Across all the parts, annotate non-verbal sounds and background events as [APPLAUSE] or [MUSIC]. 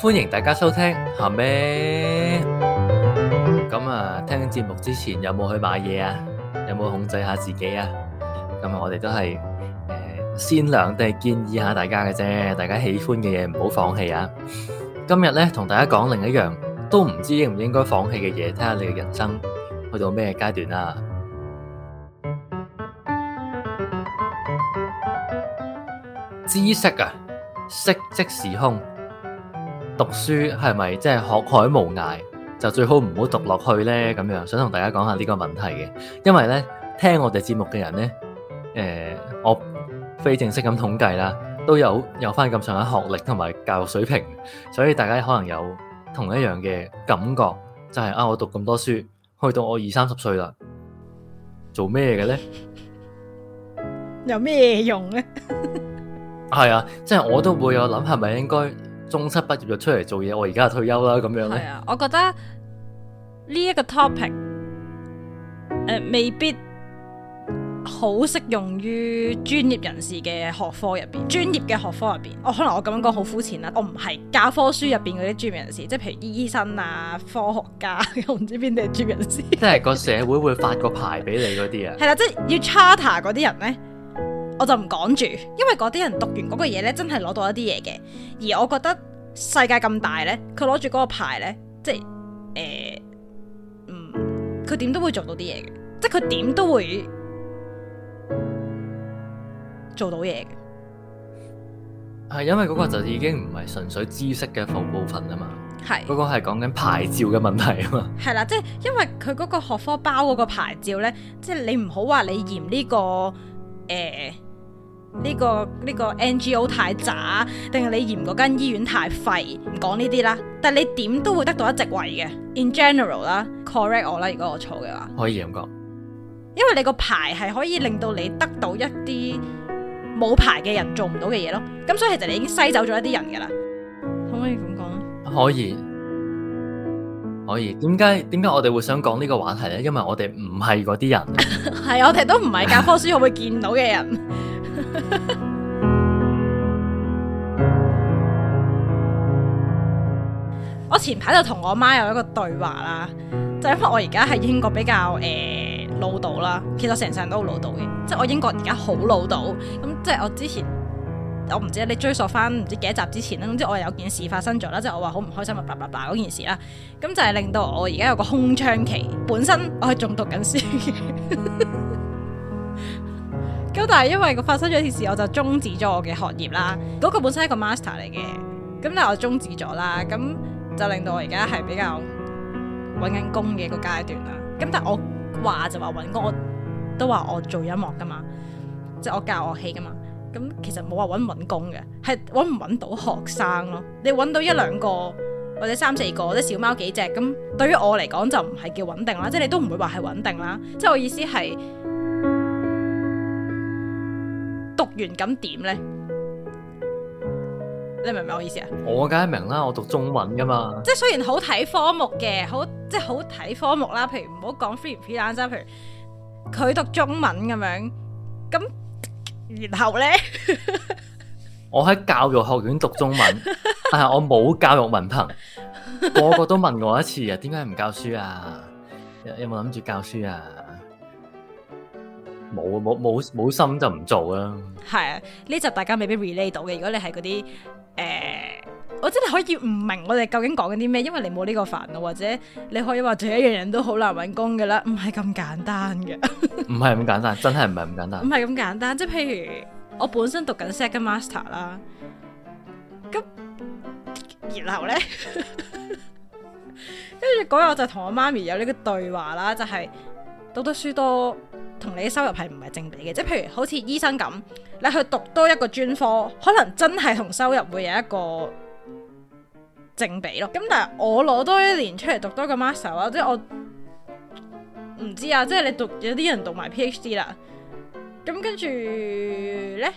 歡迎大家收聽，吓咩？咁啊，聽節目之前有冇去買嘢啊？有冇控制下自己啊？咁啊，我哋都係誒善良地建議下大家嘅啫。大家喜歡嘅嘢唔好放棄啊！今日咧同大家講另一樣都唔知應唔應該放棄嘅嘢，睇下你嘅人生去到咩階段啦、啊。知識啊，識即是空。讀書係咪即係學海無涯，就最好唔好讀落去呢？咁樣想同大家講下呢個問題嘅，因為呢，聽我哋節目嘅人呢，誒、呃，我非正式咁統計啦，都有有翻咁上下學歷同埋教育水平，所以大家可能有同一樣嘅感覺，就係、是、啊，我讀咁多書，去到我二三十歲啦，做咩嘅呢？ [LAUGHS] 有咩用呢？係 [LAUGHS] 啊，即係我都會有諗，係咪應該？中七畢業就出嚟做嘢，我而家退休啦，咁樣咧。係啊，我覺得呢一個 topic，誒、呃、未必好適用於專業人士嘅學科入邊。專業嘅學科入邊，我、哦、可能我咁樣講好膚淺啦。我唔係教科書入邊嗰啲專業人士，即係譬如醫生啊、科學家， [LAUGHS] 我唔知邊啲係專業人士。即係個社會會發個牌俾你嗰啲 [LAUGHS] 啊？係啦，即係要 charter 嗰啲人咧。我就唔講住，因為嗰啲人讀完嗰個嘢咧，真係攞到一啲嘢嘅。而我覺得世界咁大咧，佢攞住嗰個牌咧，即係誒、欸，嗯，佢點都會做到啲嘢嘅，即係佢點都會做到嘢嘅。係因為嗰個就已經唔係純粹知識嘅一部分啊嘛，係是，嗰個係講緊牌照嘅問題啊嘛，係啦，即係因為佢嗰個學科包嗰個牌照咧，即係你唔好話你嫌呢、這個誒。欸呢、這個呢、這個 NGO 太渣，定係你嫌嗰間醫院太廢？唔講呢啲啦，但係你點都會得到一席位嘅。In general 啦，correct 我啦，如果我錯嘅話，可以咁講？因為你個牌係可以令到你得到一啲冇牌嘅人做唔到嘅嘢咯。咁所以其實你已經篩走咗一啲人噶啦，可唔可以咁講？可以，可以。點解，點解我哋會想講呢個話題咧？因為我哋唔係嗰啲人，係 [LAUGHS] 我哋都唔係教科書會見到嘅人。 [LAUGHS] [LAUGHS] 我前排就同我媽有一個對話啦，就係因為我而家喺英國比較誒、呃、老到啦，其實成世人都好老到嘅，即係我英國而家好老到。咁即係我之前，我唔知你追溯翻唔知幾多集之前啦，總之我有件事發生咗啦，即係我話好唔開心啊，叭叭叭嗰件事啦，咁就係令到我而家有個空窗期。本身我係仲讀緊書嘅。 [LAUGHS] 但係因為個發生咗件事，我就終止咗我嘅學業啦。嗰個本身係個 master 嚟嘅，咁但係我終止咗啦，咁就令到我而家係比較搵緊工嘅個階段啦。咁但係我話就話搵工，我都話我做音樂噶嘛，即係我教樂器噶嘛。咁其實冇話搵唔搵工嘅，係搵唔搵到學生咯。你搵到一兩個或者三四個，或者小貓幾隻，咁對於我嚟講就唔係叫穩定啦，即係你都唔會話係穩定啦。即係我意思係。讀完咁點咧？你明唔明我意思啊？我梗係明啦，我讀中文噶嘛。即係雖然好睇，科目嘅，好即係好睇科目啦。譬如唔好講 free，free 單詞。譬如佢讀中文咁樣，咁然後咧，我喺教育學院讀中文，但係我冇教育文憑。個個都問我一次啊，點解唔教書啊？有有冇諗住教書啊？冇冇冇，冇心就唔做啦。係啊，呢集大家未必 relate 到嘅。如果你係嗰啲誒，我真係可以唔明我哋究竟講緊啲咩，因為你冇呢個煩惱，或者你可以話做一樣人都好難揾工噶啦唔係咁簡單嘅。唔係咁簡單，真係唔係咁簡單。唔係咁簡單，即係譬如我本身讀緊 Second Master 啦，咁然後咧，跟住嗰日我就同我媽咪有呢個對話啦，就係讀得書多。同你收入係唔係正比嘅？即係譬如好似醫生咁，你去讀多一個專科，可能真係同收入會有一個正比咯。咁但係我攞多一年出嚟讀多個 master，即係我唔知啊。即係你讀有啲人讀埋 PhD 啦，咁跟住呢，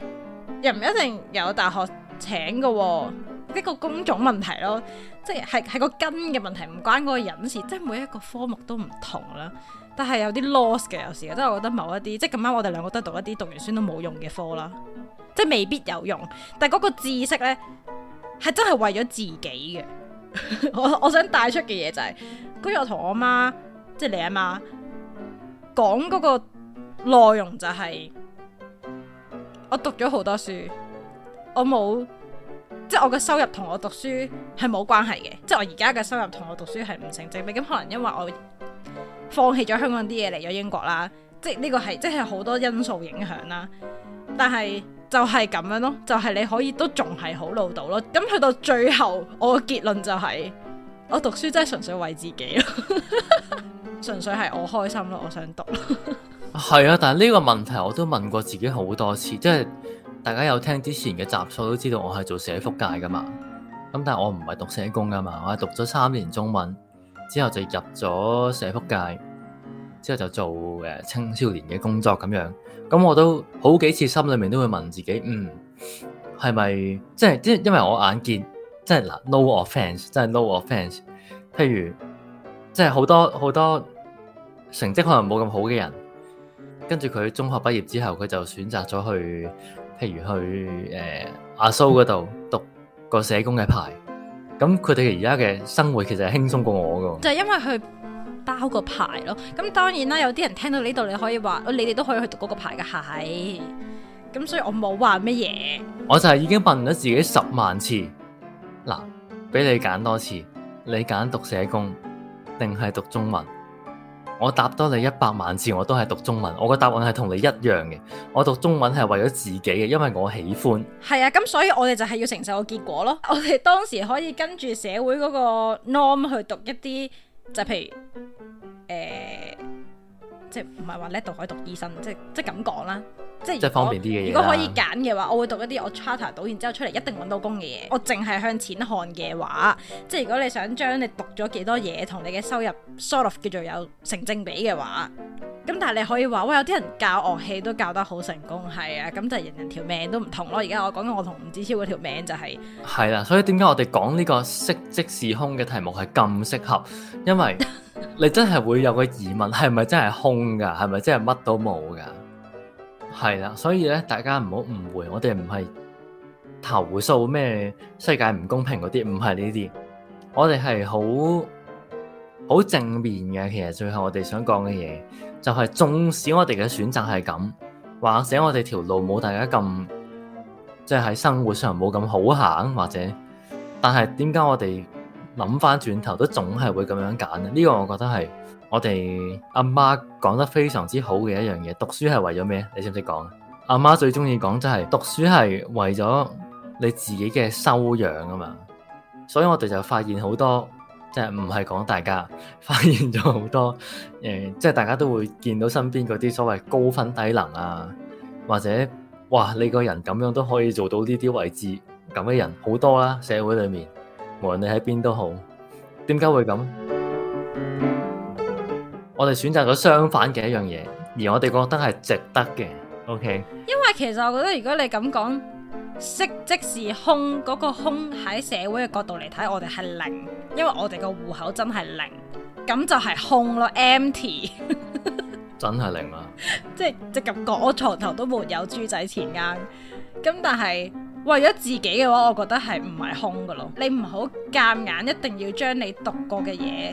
又唔一定有大學請噶啊，一個工種問題咯。即係係個根嘅問題，唔關嗰個人事。即係每一個科目都唔同啦。但係有啲 loss 嘅有時，真係我覺得某一啲即係咁啱我哋兩個都讀一啲讀完書都冇用嘅科啦，即係未必有用，但係嗰個知識呢，係真係為咗自己嘅。 [LAUGHS] 我想帶、就是、我想帶出嘅嘢就係，跟住我同我媽，即係你阿媽，講嗰個內容就係、是、我讀咗好多書，我冇即係我嘅收入同我讀書係冇關係嘅，即係我而家嘅收入同我讀書係唔成正比，咁可能因為我。放棄咗香港啲嘢嚟咗英國啦，即係呢個係，即係好多因素影響啦。但係就係咁樣咯，就係、是、你可以都仲係好老道咯。咁去到最後我、就是，我嘅結論就係我讀書真係純粹為自己咯，純 [LAUGHS] 粹係我開心咯，我想讀。係 [LAUGHS] 啊，但係呢個問題我都問過自己好多次，即係大家有聽之前嘅集數都知道我係做社福界噶嘛，咁但係我唔係讀社工噶嘛，我係讀咗三年中文。之後就入咗社福界，之後就做誒、呃、青少年嘅工作咁樣。咁我都好幾次心裏面都會問自己，嗯，係咪即係因因為我眼見即係嗱，no offense，即係 no offense。譬如即係好多好多成績可能冇咁好嘅人，跟住佢中學畢業之後，佢就選擇咗去，譬如去誒、呃、阿蘇嗰度讀個社工嘅牌。 [LAUGHS] 咁佢哋而家嘅生活其實係輕鬆過我噶，就係因為佢包個牌咯。咁當然啦，有啲人聽到呢度，你可以話，你哋都可以去讀嗰個牌嘅係。咁、哎、所以我冇話乜嘢。我就係已經問咗自己十萬次，嗱，俾你揀多次，你揀讀社工定係讀中文？我答多你一百萬次，我都係讀中文。我個答案係同你一樣嘅。我讀中文係為咗自己嘅，因為我喜歡。係啊，咁所以我哋就係要承受個結果咯。我哋當時可以跟住社會嗰個 norm 去讀一啲，就係、譬如誒、呃，即係唔係話叻到可以讀醫生，即係即係咁講啦。即係方便啲嘅嘢。如果可以揀嘅話，我會讀一啲我 charter 到，然之後出嚟一定揾到工嘅嘢。我淨係向錢看嘅話，即係如果你想將你讀咗幾多嘢同你嘅收入 sort of 叫做有成正比嘅話，咁但係你可以話，喂，有啲人教樂器都教得好成功，係啊，咁就係人人條命都唔同咯。而家我講嘅我同吳子超嗰條命就係係啦，所以點解我哋講呢個識即是空嘅題目係咁適合？因為你真係會有個疑問，係咪真係空噶？係咪真係乜都冇噶？係啦，所以咧，大家唔好誤會，我哋唔係投訴咩世界唔公平嗰啲，唔係呢啲，我哋係好好正面嘅。其實最後我哋想講嘅嘢，就係、是、縱使我哋嘅選擇係咁，或者我哋條路冇大家咁，即係喺生活上冇咁好行，或者，但係點解我哋諗翻轉頭都總係會咁樣揀呢？呢、呢個我覺得係。我哋阿媽講得非常之好嘅一樣嘢，讀書係為咗咩？你識唔識講？阿媽最中意講就係讀書係為咗你自己嘅修養啊嘛，所以我哋就發現好多，即係唔係講大家，發現咗好多，誒、呃，即係大家都會見到身邊嗰啲所謂高分低能啊，或者哇，你個人咁樣都可以做到呢啲位置，咁嘅人好多啦，社會裏面，無論你喺邊都好，點解會咁？我哋選擇咗相反嘅一樣嘢，而我哋覺得係值得嘅。OK，因為其實我覺得如果你咁講，色即是空嗰個空喺社會嘅角度嚟睇，我哋係零，因為我哋個戶口真係零，咁就係空咯，empty。Em [LAUGHS] 真係零啊！即係直及我床頭都沒有豬仔錢啱，咁但係為咗自己嘅話，我覺得係唔係空噶咯？你唔好夾硬，一定要將你讀過嘅嘢。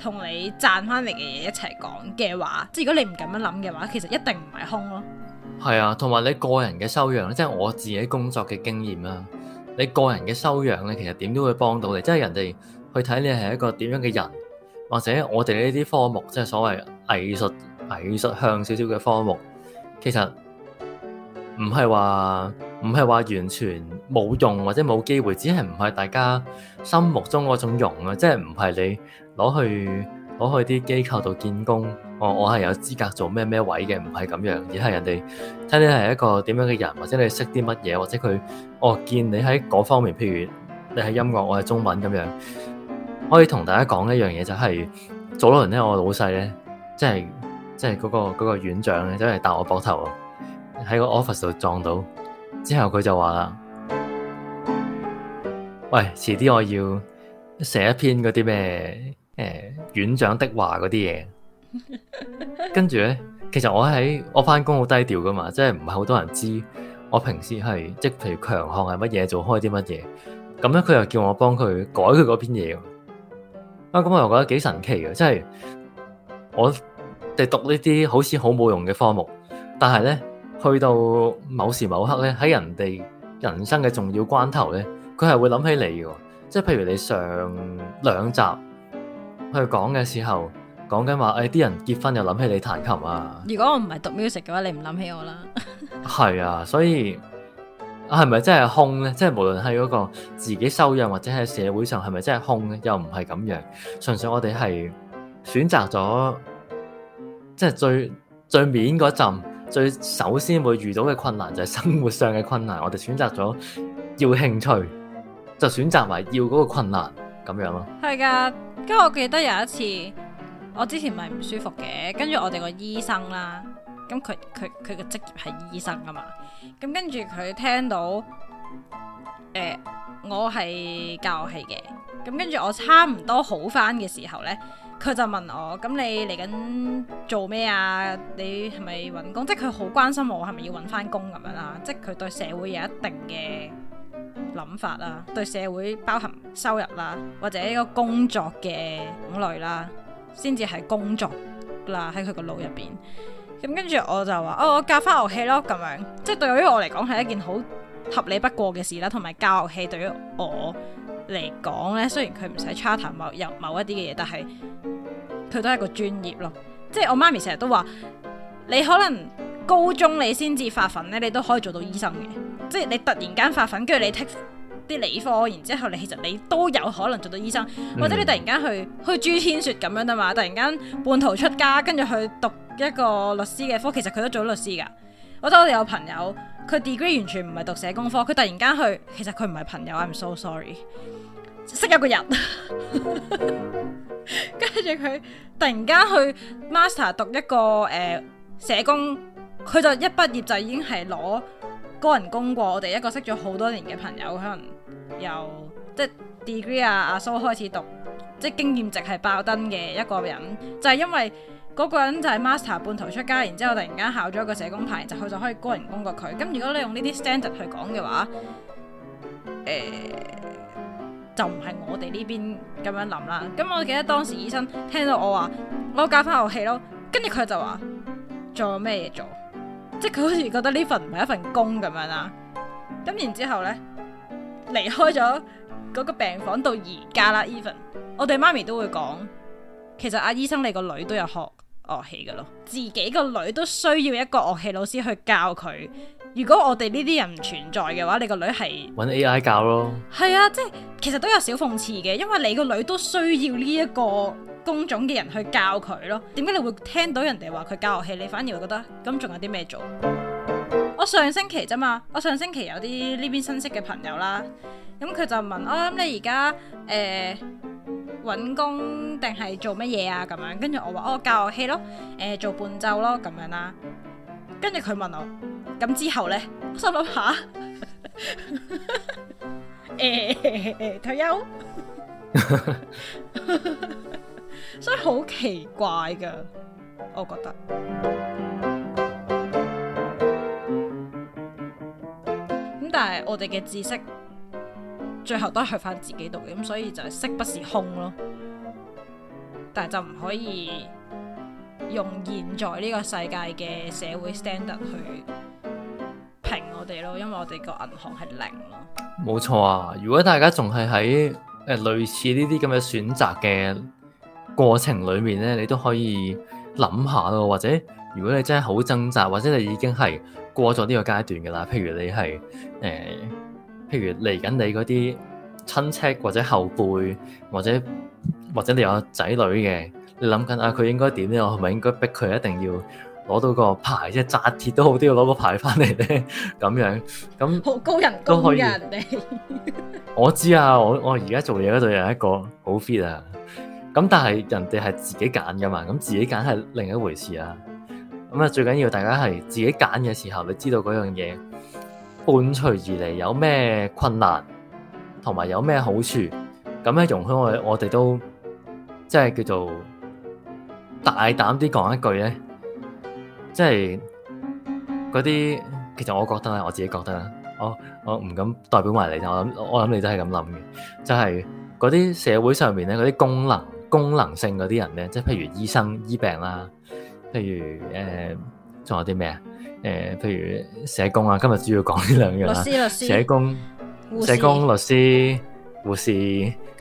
同你賺翻嚟嘅嘢一齊講嘅話，即係如果你唔咁樣諗嘅話，其實一定唔係空咯。係啊，同埋你個人嘅修養咧，即係我自己工作嘅經驗啦。你個人嘅修養咧，其實點都會幫到你，即係人哋去睇你係一個點樣嘅人，或者我哋呢啲科目，即係所謂藝術、藝術向少少嘅科目，其實唔係話。唔係話完全冇用或者冇機會，只係唔係大家心目中嗰種用啊！即係唔係你攞去攞去啲機構度見工。我我係有資格做咩咩位嘅？唔係咁樣，而係人哋睇你係一個點樣嘅人，或者你識啲乜嘢，或者佢我、哦、見你喺嗰方面，譬如你係音樂，我係中文咁樣。可以同大家講一樣嘢，就是，就係早輪咧，我老細咧，即係即係嗰、嗰個、嗰個院長咧，即係搭我膊頭喺個 office 度撞到。之後佢就話喂，遲啲我要寫一篇嗰啲咩誒院長的話嗰啲嘢。 [LAUGHS] 跟住咧，其實我喺我翻工好低調噶嘛，即係唔係好多人知。我平時係即係譬如強項係乜嘢，做開啲乜嘢。咁咧，佢又叫我幫佢改佢嗰篇嘢。啊，咁我又覺得幾神奇嘅，即係我哋讀呢啲好似好冇用嘅科目，但係咧。去到某時某刻咧，喺人哋人生嘅重要關頭咧，佢係會諗起你嘅。即係譬如你上兩集去講嘅時候，講緊話，誒、哎，啲人結婚又諗起你彈琴啊。如果我唔係讀 music 嘅話，你唔諗起我啦。係 [LAUGHS] 啊，所以係咪真係空咧？即係無論喺嗰個自己修養，或者喺社會上，係咪真係空咧？又唔係咁樣，純粹我哋係選擇咗，即係最最面嗰陣。最首先會遇到嘅困難就係生活上嘅困難，我哋選擇咗要興趣，就選擇埋要嗰個困難咁樣咯。係㗎，跟住我記得有一次，我之前咪唔舒服嘅，跟住我哋個醫生啦，咁佢佢佢嘅職業係醫生㗎嘛，咁跟住佢聽到，誒、呃，我係教戲嘅，咁跟住我差唔多好返嘅時候咧。佢就問我：咁你嚟緊做咩啊？你係咪揾工？即係佢好關心我係咪要揾翻工咁樣啦。即係佢對社會有一定嘅諗法啦，對社會包含收入啦，或者呢個工作嘅種類啦，先至係工作啦，喺佢個腦入邊。咁跟住我就話：哦，我教翻樂器咯咁樣。即係對於我嚟講係一件好合理不過嘅事啦。同埋教樂器對於我嚟講呢，雖然佢唔使 charter 某入某一啲嘅嘢，但係。佢都係個專業咯，即係我媽咪成日都話：你可能高中你先至發奮呢，你都可以做到醫生嘅。即係你突然間發奮，跟住你 take 啲理科，然之後你其實你都有可能做到醫生。Mm hmm. 或者你突然間去去朱千雪咁樣啊嘛，突然間半途出家，跟住去讀一個律師嘅科，其實佢都做咗律師㗎。我覺得我哋有朋友，佢 degree 完全唔係讀社工科，佢突然間去，其實佢唔係朋友，I'm so sorry，識有個人。 [LAUGHS] 跟住佢突然間去 master 讀一個誒、呃、社工，佢就一畢業就已經係攞高人工過我哋一個識咗好多年嘅朋友，可能由即係 degree 啊阿蘇開始讀，即係經驗值係爆燈嘅一個人，就係、是、因為嗰個人就係 master 半途出家，然之後突然間考咗一個社工牌，就佢就可以高人工過佢。咁如果你用呢啲 standard 去講嘅話，呃就唔係我哋呢邊咁樣諗啦，咁我記得當時醫生聽到我話我教翻樂器咯，跟住佢就話做咩嘢做？即係佢好似覺得呢份唔係一份工咁樣啦。咁然之後呢離開咗嗰個病房到而家啦，Even 我哋媽咪都會講，其實阿醫生你個女都有學樂器嘅咯，自己個女都需要一個樂器老師去教佢。如果我哋呢啲人唔存在嘅話，你個女係搵 AI 教咯，係啊，即係其實都有少諷刺嘅，因為你個女都需要呢一個工種嘅人去教佢咯。點解你會聽到人哋話佢教樂器，你反而會覺得咁仲有啲咩做？ [MUSIC] 我上星期啫嘛，我上星期有啲呢邊新識嘅朋友啦，咁佢就問我，咁你而家誒搵工定係做乜嘢啊？咁、呃、樣跟住我話、啊、我教樂器咯，誒、呃、做伴奏咯咁樣啦，跟住佢問我。咁之後咧，我心諗下、 [LAUGHS] 欸，退休， [LAUGHS] [LAUGHS] 所以好奇怪噶，我覺得。咁但係我哋嘅知識，最後都係去翻自己讀嘅，咁所以就係識不是空咯。但係就唔可以用現在呢個世界嘅社會 standard 去。平我哋咯因為我哋個銀行係零咯。冇錯啊，如果大家仲係喺誒類似呢啲咁嘅選擇嘅過程裏面咧，你都可以諗下咯。或者如果你真係好掙扎，或者你已經係過咗呢個階段㗎啦，譬如你係誒、呃，譬如嚟緊你嗰啲親戚或者後輩，或者或者你有仔女嘅，你諗緊啊，佢應該點咧？我係咪應該逼佢一定要？攞到個牌，即係紮鐵都好，都要攞個牌翻嚟咧，咁樣咁，好高人工人哋家。我知啊，我我而家做嘢嗰度有一個好 fit 啊，咁但係人哋係自己揀噶嘛，咁自己揀係另一回事啊。咁啊，最緊要大家係自己揀嘅時候，你知道嗰樣嘢伴隨而嚟有咩困難，同埋有咩好處，咁咧容許我哋，我哋都即係叫做大膽啲講一句咧。即係嗰啲，其實我覺得啊，我自己覺得啊，我我唔敢代表埋你，我諗我諗你都係咁諗嘅，就係嗰啲社會上面咧，嗰啲功能功能性嗰啲人咧，即係譬如醫生醫病啦，譬如誒，仲、呃、有啲咩啊？誒、呃，譬如社工啊，今日主要講呢兩樣啦，律師律師社工、護士社工、律師、護士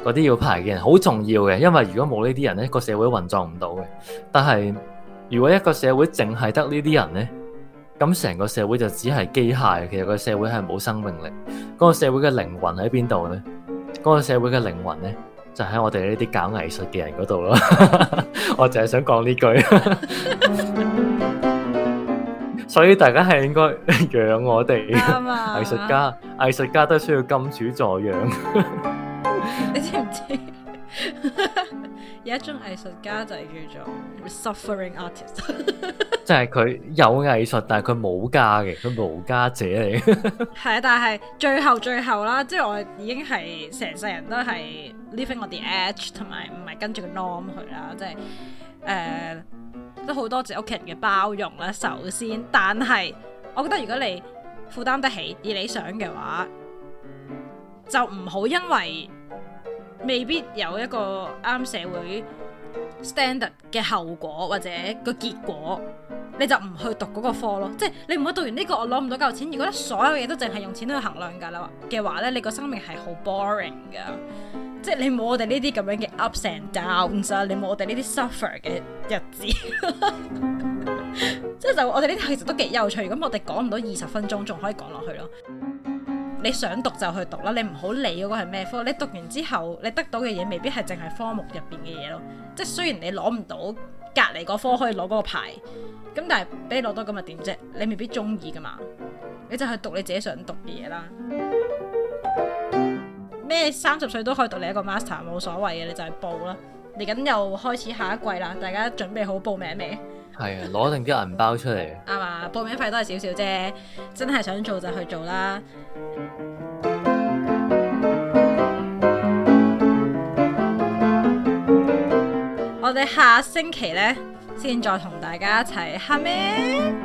嗰啲要排嘅人，好重要嘅，因為如果冇呢啲人咧，個社會運作唔到嘅，但係。如果一個社會淨係得呢啲人呢，咁成個社會就只係機械，其實個社會係冇生命力。嗰個社會嘅靈魂喺邊度呢？嗰個社會嘅靈魂呢，就喺我哋呢啲搞藝術嘅人嗰度咯。 [LAUGHS] 我淨係想講呢句，所以大家係應該養我哋藝術家，藝術家都需要金主助養。 [LAUGHS] 有一種藝術家就係叫做 suffering artist， [LAUGHS] 即係佢有藝術，但係佢冇家嘅，佢無家者嚟。係 [LAUGHS] 啊，但係最後最後啦，即係我已經係成世人都係 living 我哋 edge，同埋唔係跟住個 norm 去啦，即係誒、呃、都好多謝屋企人嘅包容啦。首先，但係我覺得如果你負擔得起，以你想嘅話，就唔好因為，未必有一個啱社會 standard 嘅後果或者個結果，你就唔去讀嗰個科咯。即係你唔去讀完呢個，我攞唔到夠錢。如果咧所有嘢都淨係用錢去衡量㗎啦嘅話咧，你個生命係好 boring 㗎。即係你冇我哋呢啲咁樣嘅 ups and downs 啊，你冇我哋呢啲 suffer 嘅日子。 [LAUGHS] 即係就我哋呢啲其實都幾有趣。咁我哋講唔到二十分鐘，仲可以講落去咯。你想讀就去讀啦，你唔好理嗰個係咩科。你讀完之後，你得到嘅嘢未必係淨係科目入邊嘅嘢咯。即係雖然你攞唔到隔籬個科可以攞嗰個牌，咁但係俾你攞到咁又點啫？你未必中意噶嘛，你就去讀你自己想讀嘅嘢啦。咩三十歲都可以讀你一個 master，冇所謂嘅，你就去報啦。嚟緊又開始下一季啦，大家準備好報名未？係啊，攞定啲銀包出嚟。啱啊，報名費都係少少啫，真係想做就去做啦。我哋下星期呢，先再同大家一齊，下面。